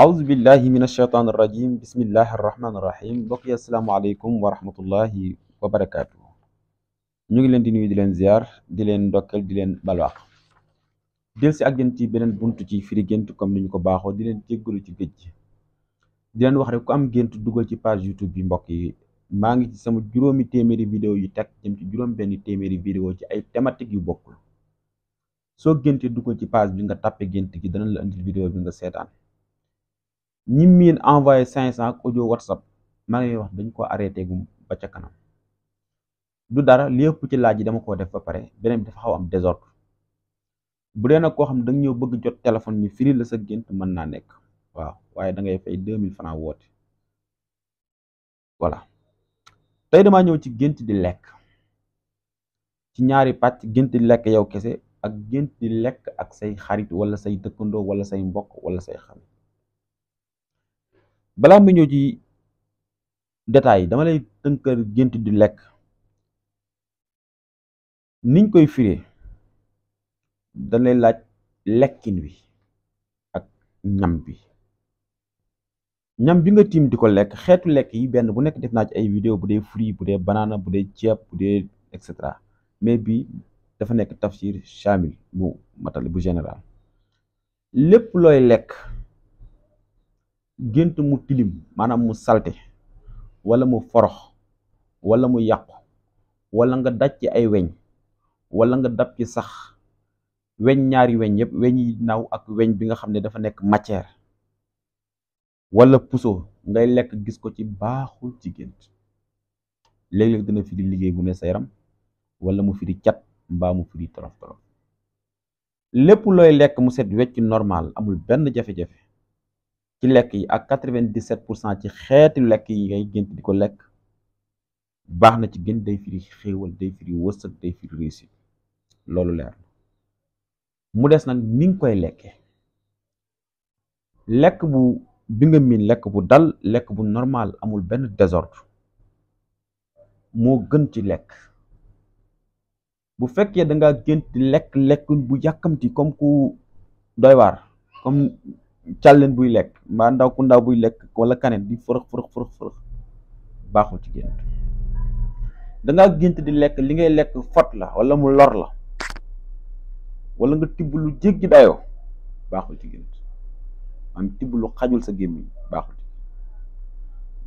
aouzu billahi min ashaytaan irrajim bismillahi arrahmaan irrahim mbokk yi asalaamaaleykum wa rahmatullahi wa barakaatu ñu ngi leen di nuyu di leen ziar di leen ndokkeel di leen balwaax del si ak yéen ci beneen bunt ci firi gént comme ni ko baaxoo di leen jéggalu ci géej gi di leen wax rek ku am gént dugal ci page youtube bi mbokk yi maa ngi ci sama juróomi téeméeri vidéo yu teg jëm ci juróom benn téeméeri vidéo ci ay thématique yu bokkul soo géntee dugal ci page bi nga tàppe gént gi dana la indil vidéo bi nga seetaan ñi miin envoyé cinq cent ak audio whatsapp maa ngi wax dañ ko arrêté gum ba ca kanam du dara lépp ci laaj yi dama ko def ba pare beneen bi dafa xaw am désordre bu dee nag koo xam da nga ñëw bëgg jot téléphone ñu firi la sa gént mën naa nekk waaw waaye da ngay fay deux mille francs woote wala tey dama ñëw ci gént di lekk ci ñaari pàcc gént di lekk yow kese ak gént di lekk ak say xarit wala say dëkkandoo wala say mbokk wala say xam balaa ma ñëw ci détails dama lay tënkal gént di lekk niñ koy firee dañ lay laaj lekkin wi ak ñam bi ñam bi nga tiim di ko lekk xeetu lekk yi benn bu nekk def naa ci ay vidéo bu dee fruit bu dee banaana bu dee ceeb bu dee et cetera mais bi dafa nekk tafsir chamil bu matali bu général lépp looy lekk gént mu tilim maanaam mu salte wala mu forox walla mu yàqu walla nga daj ci ay weñ walla nga dab ci sax weñ ñaari weñ yëpp weñ yi naaw ak weñ bi nga xam ne dafa nekk matière wala puso ngay lekk gis ko ci baaxul ci gént léeg-léeg dina di liggéey bu ne sa yaram wala mu firi cat mbaa mu firi torof torof lépp looy lekk mu set wecc normal amul benn jafe-jafe ci lekk yi ak quatre vingt dix pour cent ci xeeti lekk yi ngay gént di ko lekk baax na ci gën day firi xéewal day firi wërsëg day firi réussite loolu leer mu des nag ni nga koy lekkee lekk bu bi nga miin lekk bu dal lekk bu normal amul benn désordre moo gën ci lekk bu fekkee da nga gént lekk lekk bu yàkkamti comme ku doy waar comme càlleen buy lekk mbaa ndaw ku ndaw buy lekk wala kaneen bi fërëx fërëx fërëx fërëx baaxul ci gént dangaa gént di lekk li ngay lekk fot la wala mu lor la walla nga tibb lu jéggi dayoo baaxul ci gént am tibb lu xajul sa gémmiñ baaxul ci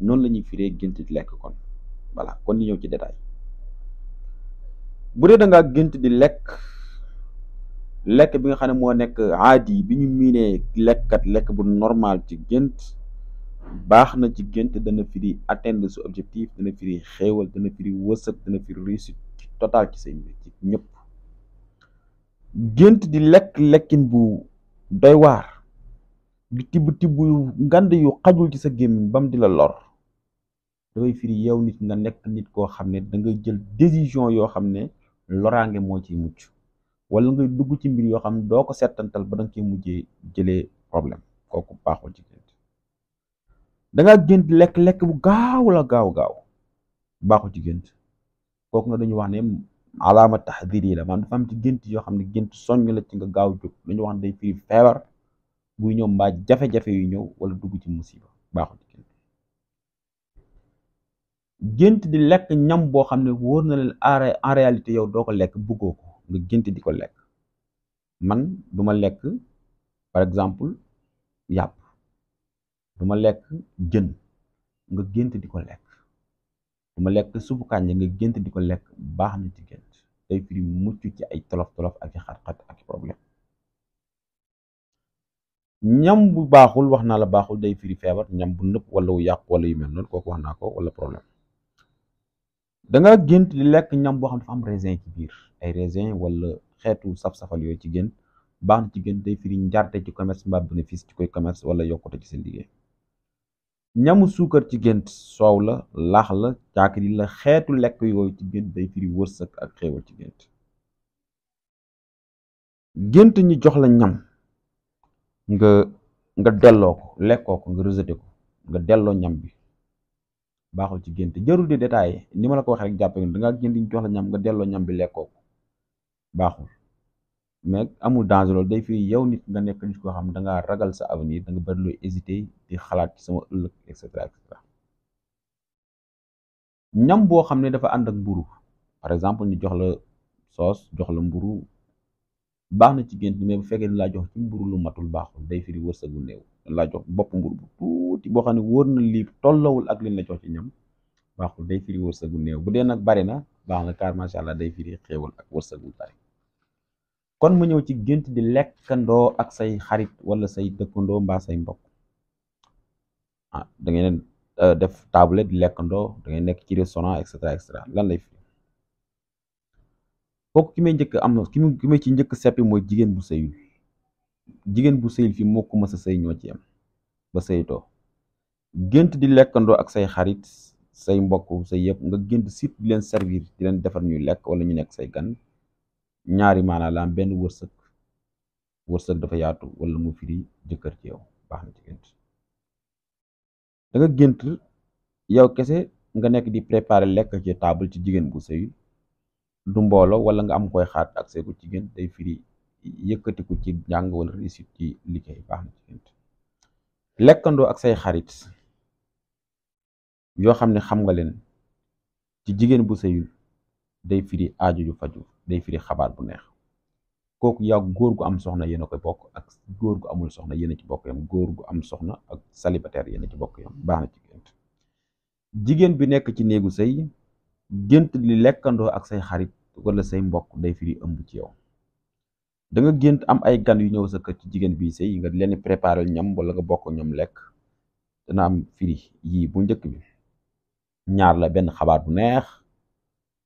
noonu la ñuy firee gént di lekk kon voilà kon ni ñëw ci détail bu dee dangaa gént di lekk lekk bi nga xam ne moo nekk aadi bi ñu miinee lekkat lekk bu normal ci gént baax na ci gént dana firi atteindre su objectif dana firi xéewal dana firi wërsëg dana firi réussite total ci say mbir ci ñëpp gént di lekk lekkin bu doy waar di tibb tibb yu yu xajul ci sa gémmiñ bam di la lor dafay firi yow nit nga nekk nit koo xam ne dangay jël décision yoo xam ne loraange moo ciy mucc wala ngay dugg ci mbir yoo xam ne doo ko settantal ba danga koy mujjee jëlee problème kooku baaxul ci gént danga gént lekk-lekk bu gaaw la gaaw gaaw baaxul ci gént kooku na dañu wax ne alaama taxdir yi la maanaam dafa ci gént yoo xam ne gént soññ la ci nga gaaw jóg dañu wax ne day firi feebar buy ñëw mbaa jafe-jafe yu ñëw wala dugg ci musiba baaxul ci gént gént di lekk ñam boo xam ne wóor na leen en yow doo ko lekk bëggoo ko nga gént di ko lekk man duma lekk par exemple yàpp du ma lekk jën nga gént di ko lekk du ma lekk supu kànja nga gént di ko lekk baax na ci gént day firi mucc ci ay tolof-tolof ak i xat-xat ak i problème ñam bu baaxul wax naa la baaxul day firi feebar ñam bu nëpp wala wu yàqu wala yu mel noonu kooku wax naa ko wala problème da nga gént li lekk ñam boo xam dafa am raisin ci biir ay raisin wala xeetu saf-safal yooyu ci gént baax na ci gént day firi njarte ci commerce mbaa bénéfice ci koy commerce wala yokkute ci seen liggéey ñamu suukar ci gént soow la laax la caakiri la xeetu lekk yooyu ci gént day firi wërsëg ak xéewal ci gént gént ñi jox la ñam nga nga delloo ko lekkoo ko nga rejeté ko nga delloo ñam bi baaxul ci génte jarul di détaillé ni ma la ko waxee rek jàppe da nga ñu jox la ñam nga delloo ñam bi lekkoo ko baaxul mais amul danger loolu day fii yow nit nga nekk nit koo xam da ngaa ragal sa avenir da nga bëri looy hésité di xalaat ci sama ëllëg et cetera ñam boo xam ne dafa ànd ak mburu par exemple ñu jox la soos jox la mburu baax na ci gént mais bu fekkee ni laa jox ci mburu lu matul baaxul day firi wërsëgu néew laa jox bopp mbur bu tuuti boo xam ne wóor na lii tollawul ak liñ la jox ci ñam baaxul day firi wërsëgu néew bu dee nag bari na baax na kaar macha allah day firi xéewal ak wërsëgu bari kon mu ñëw ci gént di lekkandoo ak say xarit wala say dëkkandoo mbaa say mbokk ah da euh, def table di lekkandoo da ngeen nekk ci restaurant et cetera lan lay firi kooku ki may njëkk am na ki mu ki may ci njëkk seppi mooy jigéen bu sëyul jigéen bu sëyil fi mokk ma sa sëy ñoo ci am ba sëytoo gént di lekkandoo ak say xarit say mbokk say yëpp nga gént sit di leen servir di leen defar ñuy lekk wala ñu nekk say gan ñaari maanaa benn wërsëg wërsëg dafa yaatu walla mu firi jëkkër ci yow danga gént da yow kese nga nekk di préparer lekk ci taabal ci jigéen bu sëyul du mbooloo wala nga am koy xaat ak say ku ci gént day firi yëkkatiku ci jàng wala réussite ci liggéey baax na ci nit lekkandoo ak say xarit yoo xam ne xam nga leen ci jigéen bu sëyul day firi aajo ju faju day firi xabaar bu neex kooku yaa góor gu am soxna yéen koy bokk ak góor amul soxna yéen ci bokk yam góor gu am soxna ak célibataire yéen ci bokk yam baax na ci gént jigéen bi nekk ci néegu sëy gént li lekkandoo ak say xarit wala say mbokk day firi ëmb ci yow da gént am ay gan yu ñëw sa kër ci jigéen bi sëy nga leen di préparer ñam wala nga bokk ñoom lekk dana am firi yii bu njëkk bi ñaar la benn xabaar bu neex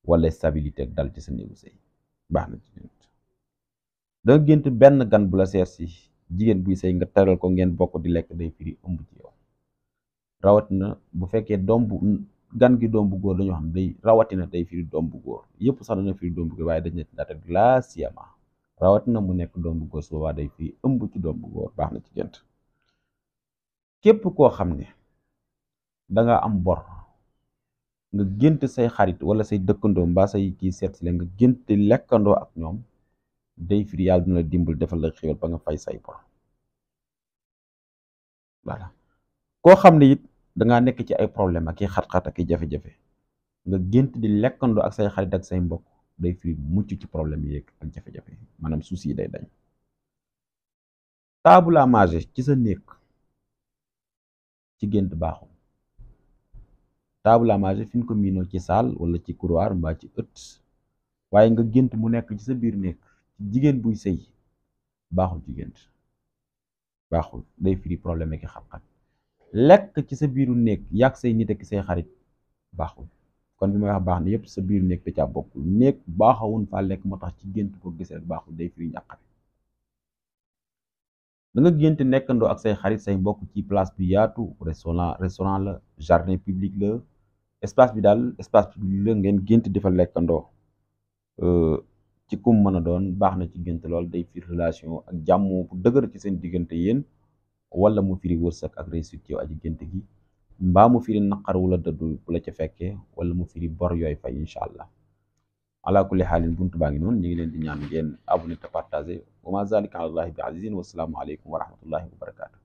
wala stabilité dal ci sa néegu baax na da gént benn gan bu la seer si jigéen buy sëy nga teral ko ngeen bokk di lekk day firi ëmb ci yow rawatina bu fekkee doom bu gan gi doom bu góor dañoo xam day rawatina day firi doom bu góor yëpp sax dana firi doom bu góor waaye dañ ne data glacialement rawatina mu nekk doom bu góor su day fii ëmb ci doom bu góor baax na ci gént képp koo xam ne danga am bor nga gént say xarit wala say dëkkandoo mbaa say kii seet si leen nga gént lekkandoo ak ñoom day firi yàlla dina la dimbal ba nga fay say bor voilà xam ne it dangaa nekk ci ay problème ak i xat-xat nga gént di lekkandoo ak say xarit ak say mbokk day firi mucc ci problème yeeg ak jafe-jafe maanaam souci yi day dañ taabu mage ci sa néeg ci gént baaxul taabu la mage fi ko miinoo ci saal wala ci couloir mbaa ci ëtt waaye nga gént mu nekk ci sa biir néeg ci jigéen buy sëy baaxul ci gént baaxul day firi problème ki xam-xam lekk ci sa biiru néeg yàgg say nit ak say xarit baaxul kon bi ma wax baax na yëpp sa biir néeg da caa bokk néeg baaxawun faa lekk moo tax ci gént ko gis rek baaxul day firi ñàqare da gént nekkandoo ak say xarit say mbokk ci place bi yaatu restaurant restaurant la jardin public la espace bi daal espace public la ngeen gént di fa lekkandoo euh, ci kum mën a doon baax na ci gént lool day firi relation ak jàmm bu dëgër ci seen diggante yéen wala mu firi wërsëg ak réussite yow aji gént gi mbaa mu firi naqar wula dëddu la ca fekkee wala mu firi bor yooyu fay incha allah ala kulli xaalin buntu baa ngi noonu ñu ngi leen di ñaan ngeen abonné te partagé wa ma zalika alallahi bi azizin wasalaamu aleykum wa rahmatullahi wa barakaatu